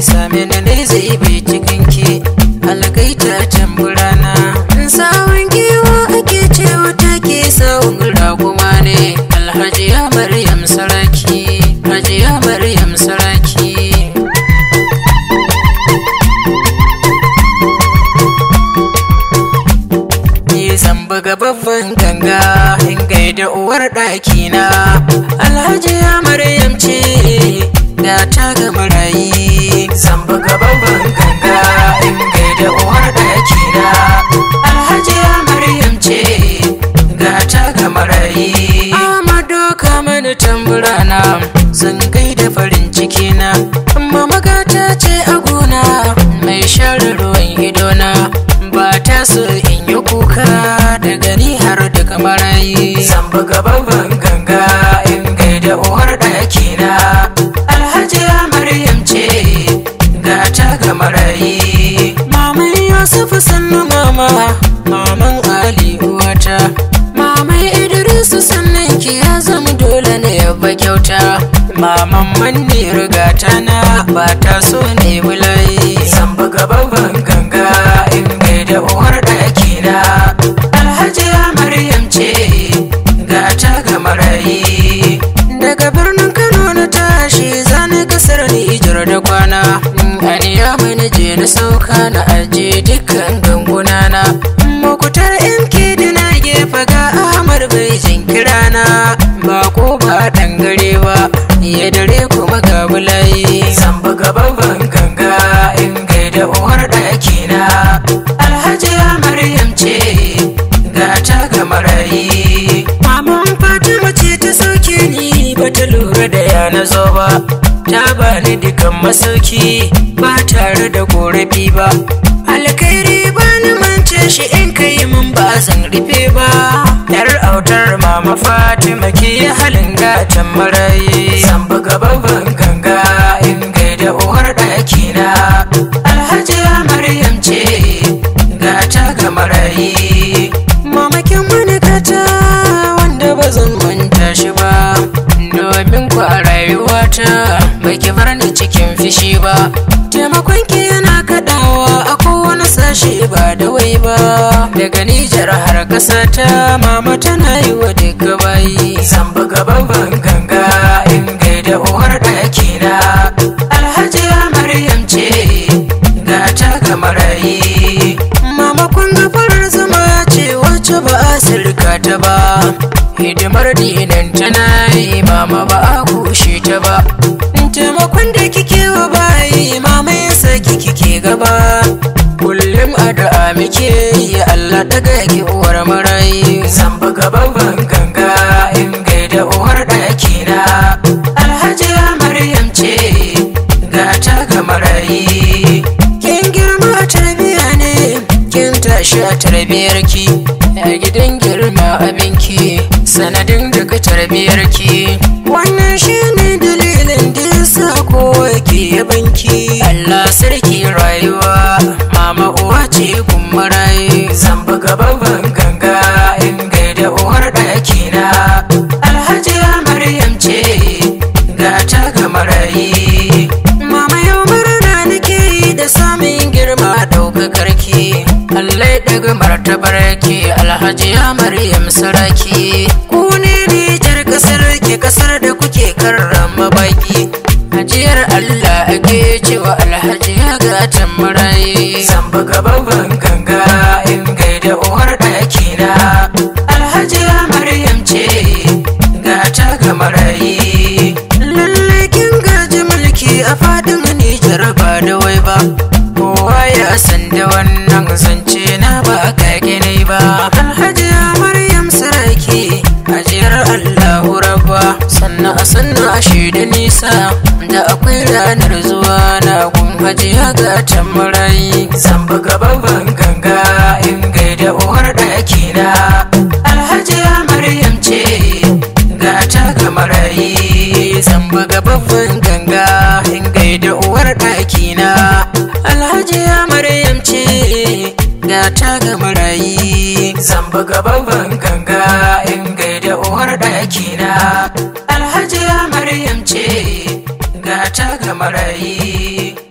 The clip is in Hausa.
ki same ni ne zai bai cikin ki alkai ta can in sawun kiwo ake cewa take ke sawun raguma ne alhajiya maryam saraki hajiya maryam saraki ni zan buga babban ganga in gaida uwar ɗakina alhajiya maryam ce gata daɗi Amado ka mani tambura na zan gaida farin cikina. amma magata ce a gona mai share ruwan idona ba ta so in yi kuka daga ni har daga marayi zan buga babban ganga in gaida uwar ɗaki alhaji maryam ce gata ga marayi maman yusuf sannu mama maman ali uwata kyauta maman manni rigata na ba ta so ne bulai san buga babban ganga in mai da uwar ɗakina. na alhaji maryam ce gata ga marayi daga birnin kano na tashi zani kasar nijar da kwana An yi mai na je na sauka na aje dukkan ganguna na makutar mk da na gefa ga ahmad bai jinkirana ba ko ba ɗan dare ba ya dare kuma ga bulayi san buga babban ganga in gaida uwar ɗaki na alhaji maryam ce ga ta ga marayi mama fatima ce ta sauke ni ba ta lura da yana zo ba ta bani dukan masauki ba tare da korafi ba alkhairi ba ni mance shi in yi mun ba zan rufe ba yar autar mama fatima ke halin gatan marayi san buga babban ganga in gaida uwar ɗaki na alhaji maryam ce gata ga marayi mamakin wani gata wanda ba zan manta shi ba domin ku a rayuwata baki bar ni cikin fishi ba taimakon ki komai ba daga nijar har kasa ta mama tana yi wa duka bayi zan buga babban ganga in gaida uwar ke na alhaji maryam ce ga ta kamar yi mama kun ga farar zama ce wace ba a sirka ta ba hidimar dinan tana yi mama ba a kushe ta ba taimakon da kike wa bayi mama yasa kike shugaban ban ganga in gaida uwar ɗaki na alhaji maryam ce gata ga marayi kin girma tarbiya ne kin tashi a tarbiyarki a gidan girma abinki sanadin daga tarbiyarki wannan shine dalilin da sa kowa ke yabanki Allah sarki rayuwa mama uwa ce kun marayi zamba gaban gata ga marayi mama yau murna nake yi da samun girma daukakar ki Allah daga martabar ki alhaji ya maryam saraki ku ne rijar kasar ki kasar da kuke karrama baki ajiyar Allah ake cewa alhaji ya gata marayi samba gaban ganga in gaida uwar ɗakina alhaji ya maryam ce gata ga marayi ba da wai ba kowa ya san da wannan zance na ba ka gini ba alhaji maryam sarki ajiyar allahu rabba sannan a sannan a nisa da akwai ranar zuwa na kun hajiya ga can marayi zan buga babban ganga in gaida uwar ɗakina. na alhaji maryam ce ga ta ga marayi zan buga babban ganga da uwar ɗaki na ya maryam ce ga ta ga marayi zan buga babban ganga in gaida uwar ɗaki na ya maryam ce ga ta ga marayi